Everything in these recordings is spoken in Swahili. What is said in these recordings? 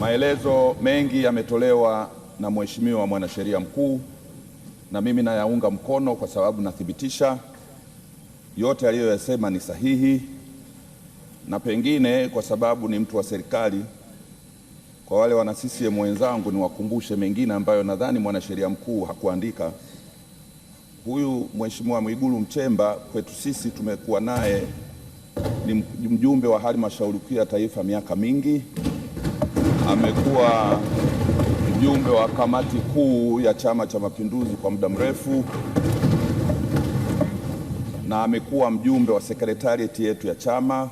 Maelezo mengi yametolewa na Mheshimiwa Mwanasheria Mkuu na mimi nayaunga mkono kwa sababu nathibitisha yote aliyoyasema ni sahihi, na pengine kwa sababu ni mtu wa serikali, kwa wale wana CCM wenzangu niwakumbushe mengine ambayo nadhani mwanasheria mkuu hakuandika. Huyu Mheshimiwa Mwigulu mchemba kwetu sisi tumekuwa naye ni mjumbe wa halmashauri kuu ya taifa miaka mingi amekuwa mjumbe wa kamati kuu ya Chama cha Mapinduzi kwa muda mrefu na amekuwa mjumbe wa sekretarieti yetu ya chama,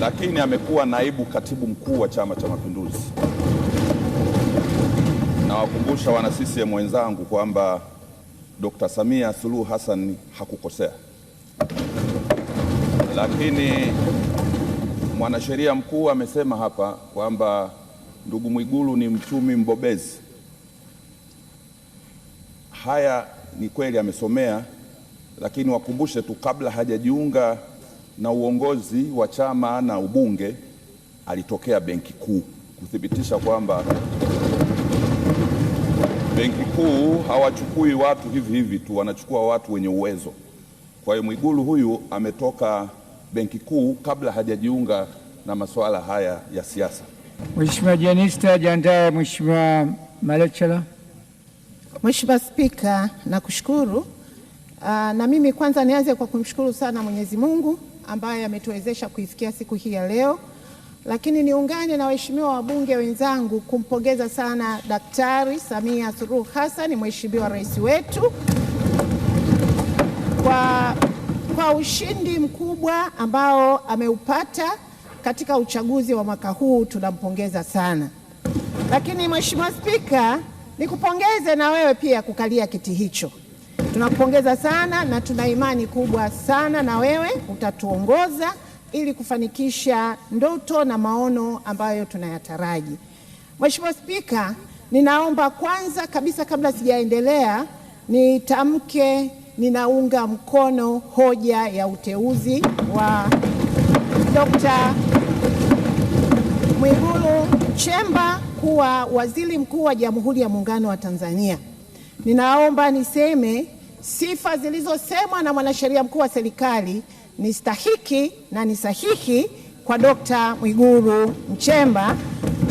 lakini amekuwa naibu katibu mkuu wa Chama cha Mapinduzi. Nawakumbusha wana CCM wenzangu kwamba Dr. Samia Suluhu Hassan hakukosea, lakini Mwanasheria mkuu amesema hapa kwamba ndugu Mwigulu ni mchumi mbobezi. Haya ni kweli, amesomea, lakini wakumbushe tu, kabla hajajiunga na uongozi wa chama na ubunge alitokea Benki Kuu kuthibitisha kwamba Benki Kuu hawachukui watu hivi hivi tu, wanachukua watu wenye uwezo. Kwa hiyo Mwigulu huyu ametoka benki kuu kabla hajajiunga na masuala haya ya siasa. Mheshimiwa Jenista, jiandae Mheshimiwa Malechela. Mheshimiwa Spika, nakushukuru. Ah, na mimi kwanza nianze kwa kumshukuru sana Mwenyezi Mungu ambaye ametuwezesha kuifikia siku hii ya leo, lakini niungane na waheshimiwa wabunge wenzangu kumpongeza sana Daktari Samia Suluhu Hassan, Mheshimiwa Rais wetu kwa ushindi mkubwa ambao ameupata katika uchaguzi wa mwaka huu, tunampongeza sana. Lakini Mheshimiwa Spika, nikupongeze na wewe pia kukalia kiti hicho. Tunakupongeza sana na tuna imani kubwa sana na wewe utatuongoza ili kufanikisha ndoto na maono ambayo tunayataraji. Mheshimiwa Spika, ninaomba kwanza kabisa kabla sijaendelea nitamke ninaunga mkono hoja ya uteuzi wa Dr. Mwigulu Chemba kuwa waziri mkuu wa Jamhuri ya Muungano wa Tanzania. Ninaomba niseme sifa zilizosemwa na mwanasheria mkuu wa serikali ni stahiki na ni sahihi kwa Dr. Mwigulu Nchemba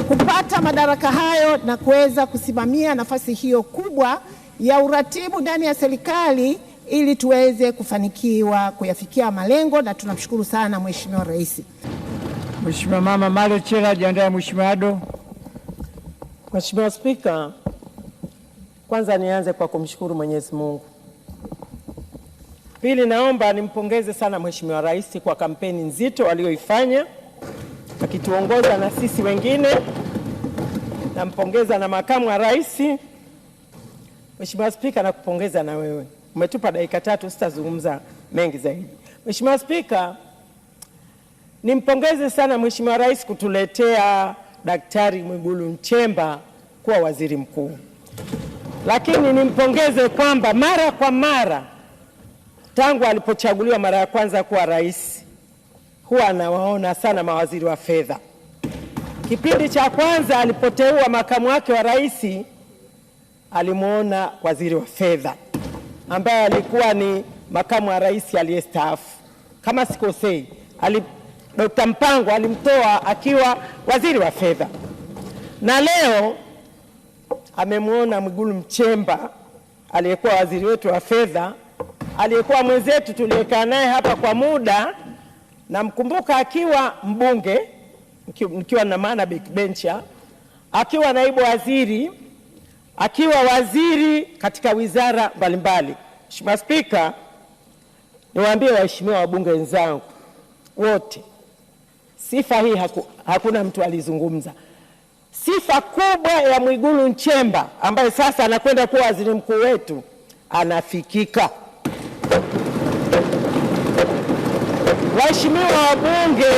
kupata madaraka hayo na kuweza kusimamia nafasi hiyo kubwa ya uratibu ndani ya serikali ili tuweze kufanikiwa kuyafikia malengo, na tunamshukuru sana Mheshimiwa Rais. Mheshimiwa Mama Male Chela ajiandae. Mheshimiwa Ado. Mheshimiwa Spika, kwanza nianze kwa kumshukuru Mwenyezi Mungu. Pili, naomba nimpongeze sana Mheshimiwa Rais kwa kampeni nzito aliyoifanya akituongoza na sisi wengine. Nampongeza na makamu wa rais. Mheshimiwa Spika, nakupongeza na wewe umetupa dakika tatu, sitazungumza mengi zaidi. Mheshimiwa Spika, nimpongeze sana Mheshimiwa Rais kutuletea Daktari Mwigulu Nchemba kuwa waziri mkuu, lakini nimpongeze kwamba mara kwa mara tangu alipochaguliwa mara ya kwanza kuwa rais, huwa anawaona sana mawaziri wa fedha. Kipindi cha kwanza alipoteua makamu wake wa rais, alimwona waziri wa fedha ambaye alikuwa ni makamu wa rais aliyestaafu, kama sikosei, Dr. Mpango alimtoa akiwa waziri wa fedha, na leo amemwona Mwigulu Mchemba aliyekuwa waziri wetu wa fedha, aliyekuwa mwenzetu tuliyekaa naye hapa kwa muda, namkumbuka akiwa mbunge, nikiwa na maana backbencher, akiwa naibu waziri akiwa waziri katika wizara mbalimbali. Mheshimiwa Spika, niwaambie waheshimiwa wabunge wenzangu wote, sifa hii haku, hakuna mtu alizungumza. Sifa kubwa ya Mwigulu Nchemba ambaye sasa anakwenda kuwa waziri mkuu wetu, anafikika. Waheshimiwa wabunge,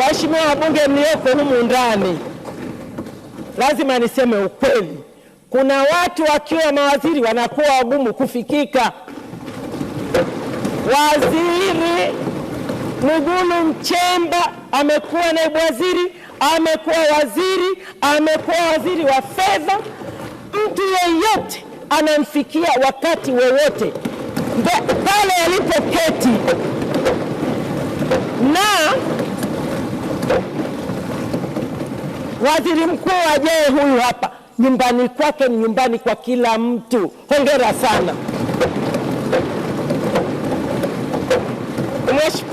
waheshimiwa wabunge mlioko humu ndani lazima niseme ukweli. Kuna watu wakiwa mawaziri wanakuwa wagumu kufikika. Waziri Mwigulu Nchemba amekuwa naibu waziri, amekuwa waziri, amekuwa waziri wa fedha. Mtu yeyote anamfikia wakati wowote pale alipoketi na Waziri mkuu ajaye huyu hapa, nyumbani kwake ni nyumbani kwa kila mtu. Hongera sana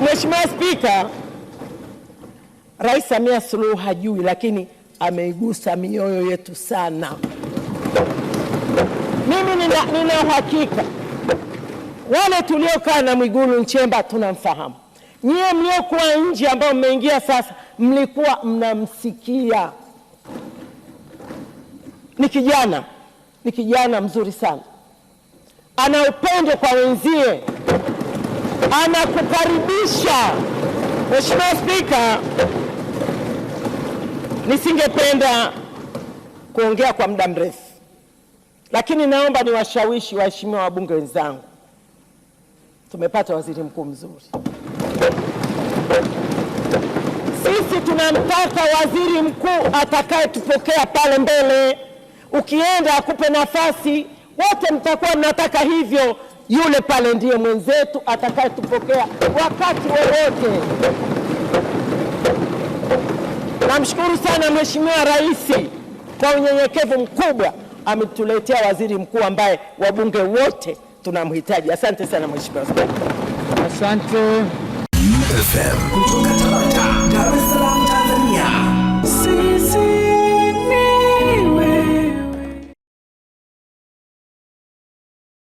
Mheshimiwa Spika. Rais Samia Suluhu hajui, lakini ameigusa mioyo yetu sana. Mimi nina, nina uhakika wale tuliokaa na Mwigulu Nchemba tunamfahamu. Nyie mliokuwa nje ambayo mmeingia sasa, mlikuwa mnamsikia ni kijana, ni kijana mzuri sana, ana upendo kwa wenzie, anakukaribisha. Mheshimiwa Spika, nisingependa kuongea kwa muda mrefu, lakini naomba niwashawishi waheshimiwa wabunge wenzangu, tumepata waziri mkuu mzuri. Sisi tunamtaka waziri mkuu atakayetupokea pale mbele ukienda akupe nafasi, wote mtakuwa mnataka hivyo. Yule pale ndiye mwenzetu atakayetupokea wakati wowote. Namshukuru sana Mheshimiwa Rais kwa unyenyekevu mkubwa, ametuletea waziri mkuu ambaye wabunge wote tunamhitaji. Asante sana Mheshimiwa. Asante.